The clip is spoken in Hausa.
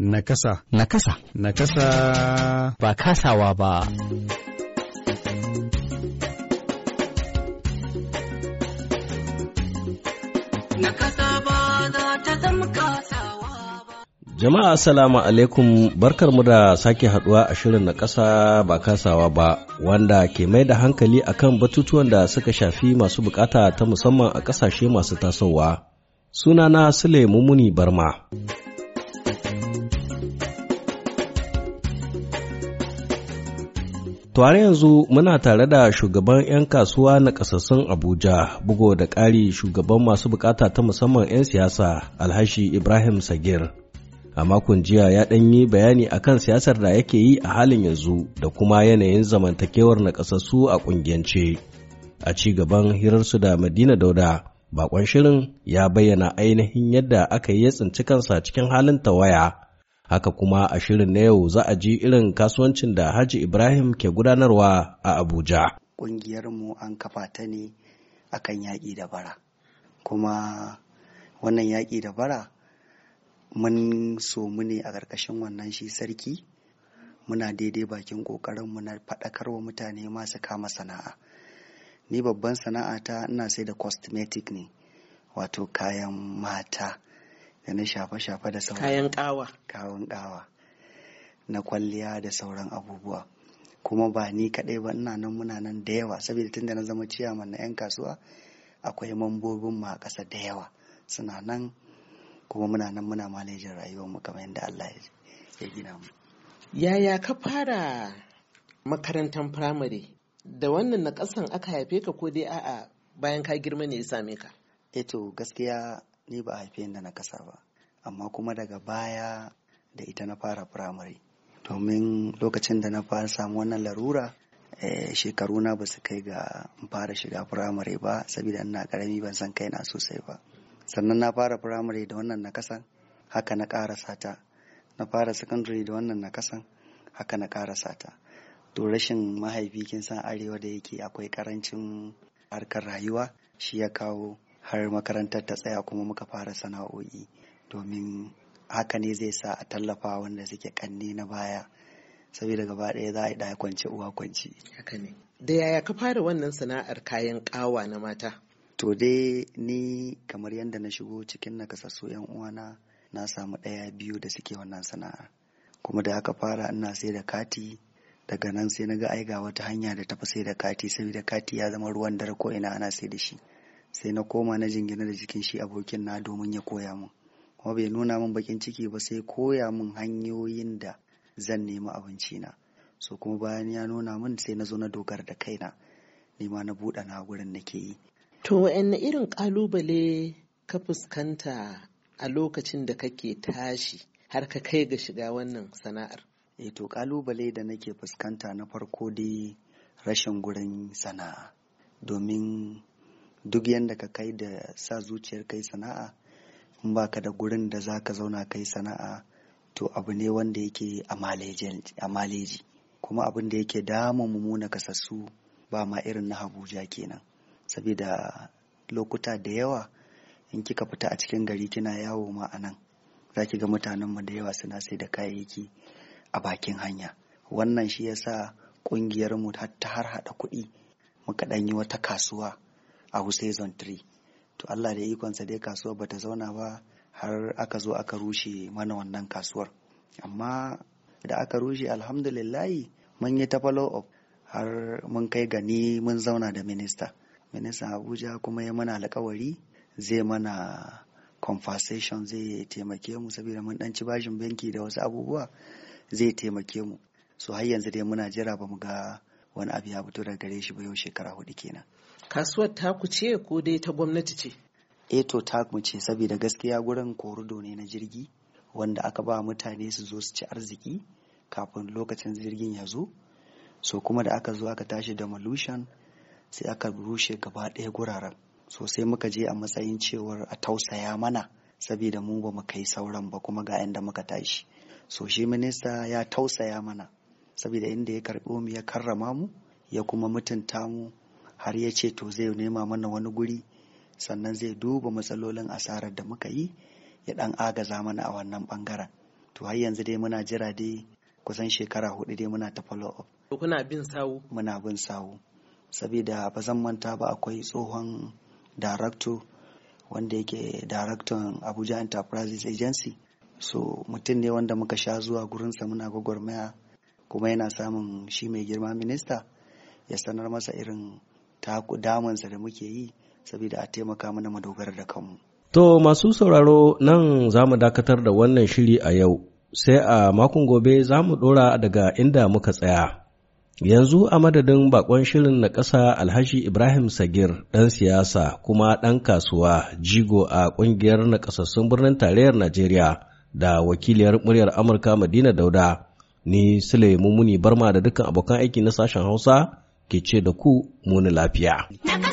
Nakasa. Nakasa. Nakasa. Ba kasawa ba. kasawa ba. Jama'a Assalamu alaikum barkarmu da sake haduwa a shirin na ƙasa ba kasawa ba wanda ke mai da hankali akan batutuwan da suka shafi masu bukata ta musamman a ƙasashe masu tasowa. Sunana Sule Mumuni Barma. har yanzu muna tare da shugaban 'yan kasuwa na kasassun Abuja, bugo da ƙari shugaban masu bukata ta musamman 'yan siyasa Alhashi Ibrahim Sagir. A makon jiya ya ɗan yi bayani akan siyasar da yake yi a halin yanzu da kuma yanayin zamantakewar na kasassu a ƙungiyance. A ci gaban hirarsu da Madina Dauda, bakon shirin ya bayyana ainihin yadda aka yi ya tsinci kansa cikin halin tawaya Haka kuma a shirin na yau za a ji irin kasuwancin da Haji Ibrahim ke gudanarwa a Abuja. Ƙungiyar mu an kafa ta ne akan yaƙi da bara. Kuma wannan yaƙi da bara mun so mu ne a ƙarƙashin wannan shi sarki muna daidai bakin ƙoƙarinmu na wa mutane masu kama sana'a. Ni babban sana'ata ina sai da cosmetic ne, wato kayan mata. da na shafe-shafe da sauran kayan kawa kawa na kwalliya da sauran abubuwa kuma ba ni kaɗai ba ina nan muna nan da yawa saboda tunda na zama ciyama na 'yan kasuwa akwai mambobin ma a ƙasa da yawa suna nan kuma muna nan muna malejin rayuwar mu kamar yadda Allah ya gina mu yaya ka fara makarantar firamare da wannan na kasan aka haife ka ko dai a'a bayan ka girma ne ya same ka eh to gaskiya ni ba a haife da na kasa ba amma kuma daga baya da ita na fara firamare domin lokacin da na fara samu wannan larura eh, shekaru na basu kai ga fara shiga firamare ba saboda ina karami ban san kai na sosai ba sannan na fara firamare da wannan na kasan haka na karasa ta na fara secondary da wannan na kasan haka na karasa sata. to rashin mahaifi kin san arewa da yake akwai karancin harkar rayuwa shi ya kawo har makarantar ta tsaya kuma muka fara sana'o'i domin haka ne zai sa a tallafa wanda suke kanne na baya saboda gaba ɗaya za a yi ɗaya kwance uwa kwance. Haka ne. Da yaya ka fara wannan sana'ar kayan ƙawa na mata? To dai ni kamar yadda na shigo cikin nakasassu yan uwana na samu ɗaya biyu da suke wannan sana'a. Kuma da aka fara ina sai da kati daga nan sai na ga ai wata hanya da tafi sai da kati saboda kati ya zama ruwan dare ko ina ana sai da shi. sai na koma na jingina da jikin shi abokin na domin ya koya min kuma bai nuna min bakin ciki ba sai koya min hanyoyin da zan nemi abinci na so kuma bayan ya nuna min sai na zo na dogara da kaina nema na buɗe na gurin nake yi to wa'anne irin ƙalubale ka fuskanta a lokacin da kake tashi har ka kai ga shiga wannan sana'ar e to ƙalubale da nake fuskanta na farko dai rashin gurin sana'a domin duk yadda ka kai da sa zuciyar kai sana'a in ba ka da gurin da za ka zauna kai sana'a to abu ne wanda yake a maleji kuma abin da yake damun mummuna kasassu ba ma irin na habuja kenan saboda lokuta da yawa in kika fita a cikin gari kina yawo ma a za ki ga mutanenmu da yawa suna sai da kayayyaki a bakin hanya wannan shi yasa ƙungiyarmu har ta har haɗa kuɗi muka ɗanyi wata kasuwa a season 3 to Allah da ikonsa dai kasuwar bata zauna ba har aka zo aka rushe mana wannan kasuwar amma da aka rushe alhamdulillahi mun yi ta follow up har mun kai gani mun zauna da minista ministan abuja kuma ya mana alkawari zai mana conversation zai taimake mu saboda mun ɗanci bashin banki da wasu abubuwa zai taimake mu so har yanzu dai muna jira ba mu ga wani abu ya fito daga gare shi ba yau shekara hudu kenan kasuwar taku ce ko dai ta gwamnati ce Eto eh to taku ce saboda gaskiya gurin korido ne na jirgi wanda aka ba mutane su zo su ci arziki kafin lokacin jirgin ya zo so kuma da aka zo aka tashi da malushan sai aka rushe gaba ɗaya guraren so sai muka je a matsayin cewar a tausaya mana saboda mu ba mu kai sauran ba kuma ga inda muka tashi so shi minista ya tausaya mana saboda inda ya karɓo mu ya karrama mu ya kuma mutunta mu har ya ce to zai nema mana wani guri sannan zai duba matsalolin asarar da muka yi ya dan agaza mana a wannan bangaren to har yanzu dai muna jira dai kusan shekara hudu dai muna ta follow up kuna bin sawu muna bin sawu saboda ba zan manta ba akwai tsohon darakto wanda yake daraktan abuja enterprises agency so mutum ne wanda muka sha zuwa gurinsa muna gwagwarmaya kuma yana samun shi mai girma minista ya sanar masa irin damansa da muke yi saboda a taimaka mana mu dogara da kanmu. To masu sauraro nan za mu dakatar da wannan shiri a yau sai a makon gobe za mu ɗora daga inda muka tsaya. Yanzu a madadin bakon shirin na ƙasa Alhaji Ibrahim Sagir ɗan siyasa kuma ɗan kasuwa jigo a ƙungiyar na ƙasassun birnin tarayyar Najeriya da wakiliyar muryar Amurka Madina Dauda ni Sule Mumuni Barma da dukkan abokan aiki na sashen Hausa ke ce da ku muni lafiya.